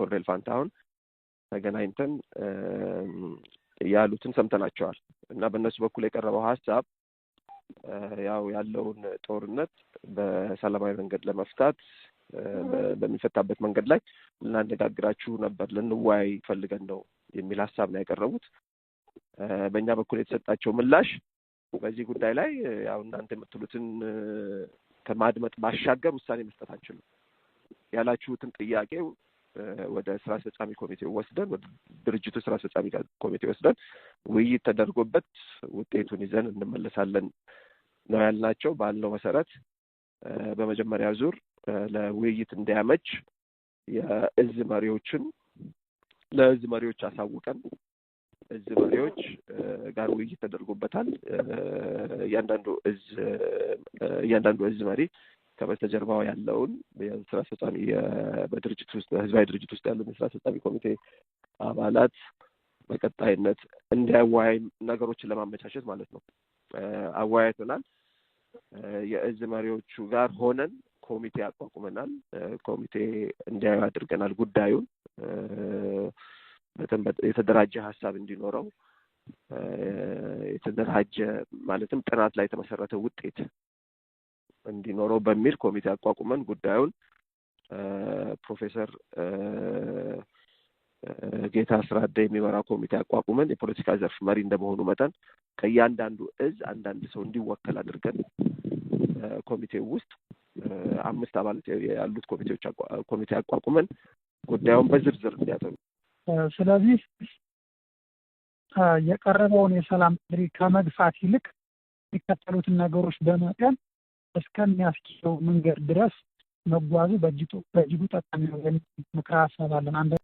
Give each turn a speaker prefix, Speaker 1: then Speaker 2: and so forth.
Speaker 1: ኮርኔል ፋንታሁን ተገናኝተን ያሉትን ሰምተናቸዋል እና በእነሱ በኩል የቀረበው ሀሳብ ያው ያለውን ጦርነት በሰላማዊ መንገድ ለመፍታት በሚፈታበት መንገድ ላይ ልናነጋግራችሁ ነበር፣ ልንወያይ ፈልገን ነው የሚል ሀሳብ ነው ያቀረቡት። በእኛ በኩል የተሰጣቸው ምላሽ በዚህ ጉዳይ ላይ ያው እናንተ የምትሉትን ከማድመጥ ባሻገር ውሳኔ መስጠት አንችልም። ያላችሁትን ጥያቄ ወደ ስራ አስፈጻሚ ኮሚቴ ወስደን ወደ ድርጅቱ ስራ አስፈጻሚ ኮሚቴ ወስደን ውይይት ተደርጎበት ውጤቱን ይዘን እንመለሳለን ነው ያልናቸው። ባለው መሰረት በመጀመሪያ ዙር ለውይይት እንዲያመች የእዝ መሪዎችን ለእዝ መሪዎች አሳውቀን እዝ መሪዎች ጋር ውይይት ተደርጎበታል። እያንዳንዱ እዝ እያንዳንዱ እዝ መሪ ከበስተጀርባው ያለውን የስራ አስፈጻሚ በድርጅት ውስጥ ህዝባዊ ድርጅት ውስጥ ያሉ የስራ አስፈጻሚ ኮሚቴ አባላት በቀጣይነት እንዲያወያይ ነገሮችን ለማመቻቸት ማለት ነው አወያይተናል። የእዝ መሪዎቹ ጋር ሆነን ኮሚቴ አቋቁመናል። ኮሚቴ እንዲያዩ አድርገናል። ጉዳዩን የተደራጀ ሀሳብ እንዲኖረው የተደራጀ ማለትም ጥናት ላይ የተመሰረተ ውጤት እንዲኖረው በሚል ኮሚቴ አቋቁመን ጉዳዩን ፕሮፌሰር ጌታ ስራደ የሚመራ ኮሚቴ አቋቁመን የፖለቲካ ዘርፍ መሪ እንደመሆኑ መጠን ከእያንዳንዱ እዝ አንዳንድ ሰው እንዲወከል አድርገን ኮሚቴው ውስጥ አምስት አባላት ያሉት ኮሚቴዎች ኮሚቴ አቋቁመን ጉዳዩን በዝርዝር እንዲያጠኑ
Speaker 2: ስለዚህ የቀረበውን የሰላም ጥሪ ከመግፋት ይልቅ የሚከተሉትን ነገሮች በመጠን እስከሚያስችለው መንገድ ድረስ መጓዙ በእጅጉ ጠቃሚ ነው የሚል ምክረ ሀሳብ አለን።